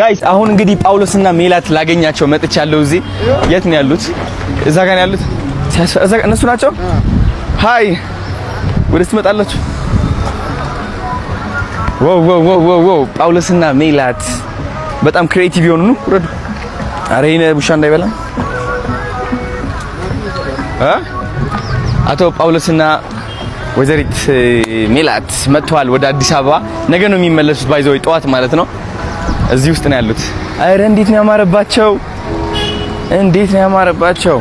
ጋይስ አሁን እንግዲህ ጳውሎስና ሜላት ላገኛቸው መጥቻለሁ። እዚህ የት ነው ያሉት? እዛ ጋር ነው ያሉት። እነሱ ናቸው። ሀይ ወደ ትመጣላችሁ። ዋው ጳውሎስና ሜላት በጣም ክሬቲቭ የሆኑ ነው። ረዱ። አረ ይሄን ቡሻ እንዳይበላ አቶ ጳውሎስና ወይዘሪት ሜላት መጥተዋል ወደ አዲስ አበባ። ነገ ነው የሚመለሱት። ባይዘው ጠዋት ማለት ነው እዚህ ውስጥ ነው ያሉት። አረ እንዴት ነው ያማረባቸው! እንዴት ነው ያማረባቸው!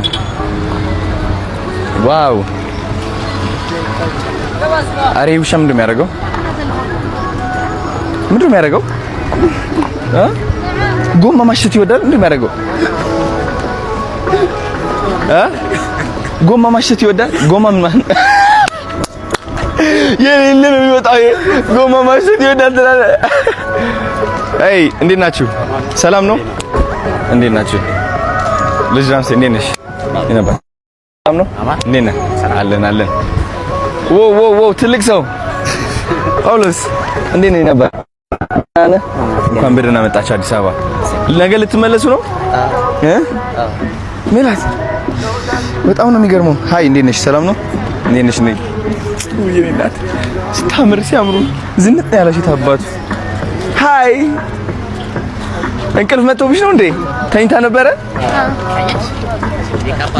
ዋው! አሬ ውሻ ምንድን ነው የሚያደርገው? ምንድን ነው የሚያደርገው? ጎማ ማሸት ይወዳል። ምንድን ነው የሚያደርገው? ጎማ ማሸት ይወዳል። ጎማ ምን የሌለ ነው የሚወጣው። ጎማ ማሸት ይወዳል ትላለህ አይ እንዴት ናችሁ? ሰላም ነው? እንዴት ናችሁ? ልጅ ራምሴ እንዴት ነሽ? ይነባ ሰላም ነው? እንዴት ነህ? አለን አለን። ዎ ዎ ዎ ትልቅ ሰው ጳውሎስ እንዴት ነህ? ይነባ እንኳን በደህና መጣችሁ አዲስ አበባ። ነገ ልትመለሱ ነው? ሜላት በጣም ነው የሚገርመው። ሀይ እንዴት ነሽ? ሰላም ነው? እንዴት ነሽ? ስታምር ሲያምሩ ዝንጥ ያለሽ የታባቱ ሀይ እንቅልፍ መጥቶብሽ ነው እንዴ? ተኝታ ነበረ?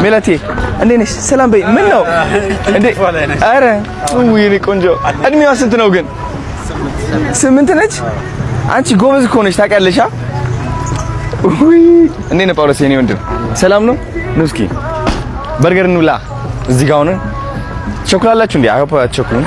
ሜላቴ እንዴ ነሽ? ሰላም በይ። ምን ነው እንዴ? አረ ውይ እኔ ቆንጆ። እድሜዋ ስንት ነው ግን? ስምንት ነች። አንቺ ጎበዝ እኮ ነሽ ታውቂያለሽ። ውይ እንዴ ነው ጳውሎስ የኔ ወንድም፣ ሰላም ነው? ኑ እስኪ በርገር እንብላ እዚህ ጋር ሆነን። ቸኩላላችሁ እንዴ? አሁን አትቸኩሉም።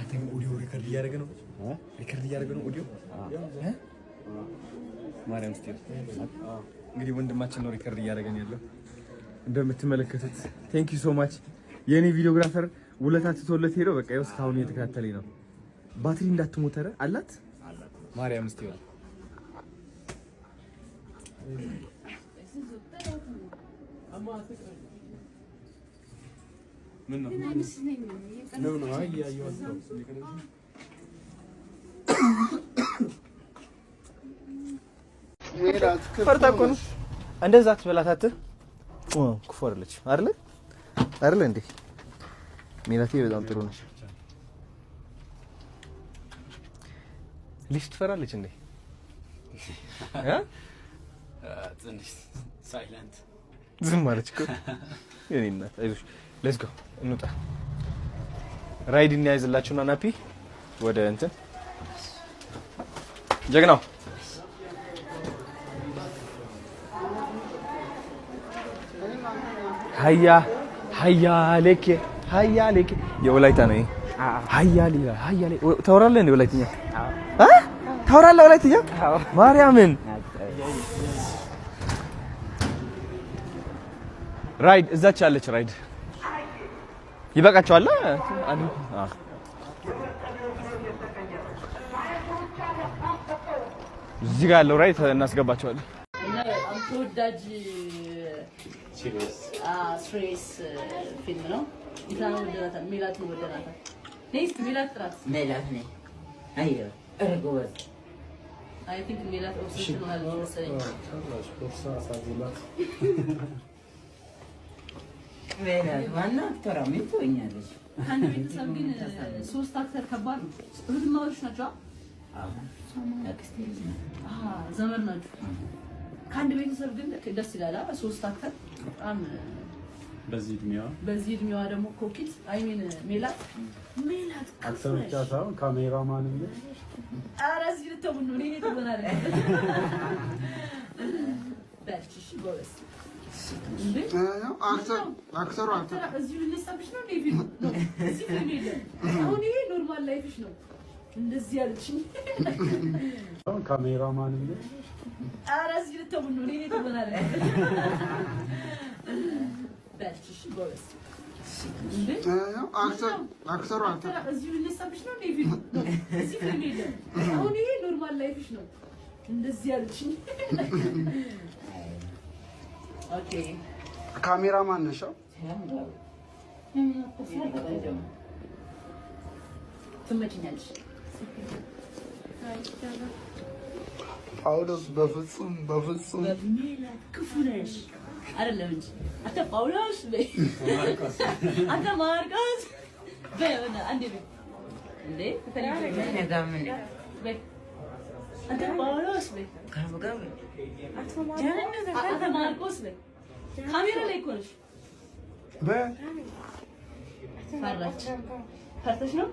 አንተ ኦዲዮ ሪከርድ እያደረገ ነው፣ ሪከርድ እያደረገ ነው ኦዲዮ ማርያም ስቲል እንግዲህ ወንድማችን ነው ሪከርድ እያደረገን ያለው እንደምትመለከቱት። ቴንክ ዩ ሶ ማች የእኔ ቪዲዮግራፈር ውለታ ትቶለት ሄደው በቃ ይኸው እስካሁን እየተከታተለኝ ነው። ባትሪ እንዳትሞተረ አላት ማርያም ስቲል አማ ፈርታ እኮ ነው። እንደዛ አትበላት። ክፉ አይደለች አይደለ? አይደለ እንዴ ሜላቴ በጣም ጥሩ ነች። ልጅ ትፈራለች እንዴ? ዝም አለች እኮ የእኔ እናት አይዞሽ ሌትስ ጎ እንውጣ። ራይድ እናያይዝላችሁና ናፒ ወደ እንትን ጀግናው ሀያ ሀያ ሌኬ ሀያ ሌኬ የወላይታ ነው ሀያ ሌላ ሀያ ሌ ታወራለህ እንዴ? ወላይትኛ ታወራለህ ወላይትኛ? ማርያምን ራይድ እዛች አለች ራይድ ይበቃቸዋል። እዚህ ጋር ያለው ራይት እናስገባቸዋለን። ተወዳጅ ስሬስ ፊልም ነው። ወደናታል። ጥራት ነ አይ ቲንክ ኦብሴሽን መሰለኝ ዋና አክተራ ቤተሰብ ሶስት አክተር ከባድ ነው። ከአንድ ቤተሰብ ግን ደስ ይላል። ሶስት አክተር በጣም በዚህ እድሜዋ በዚህ እድሜዋ ደግሞ ኮኪት አይ ሜላት ሜላት አክተር ብቻ ሳይሆን ካሜራማን ኧረ እዚህ ልትሆን ነው። እኔ ትሆናለች። በርቺ፣ እሺ አክተሩ እዚሁ ልነሳብሽ አሁን ይሄ ኖርማል ኖርማል ላይፍሽ ነው። እንደዚህ ያለች ካሜራ ማን ነሽ? ትመችኛለሽ። ጳውሎስ በፍጹም በፍጹም ክፉ ነሽ አይደለም እንጂ አንተ ጳውሎስ አንተ ማርቆስ አንተ ካሜራ ላይ እኮ ነሽ። ፈራች ፈርተሽ ነው?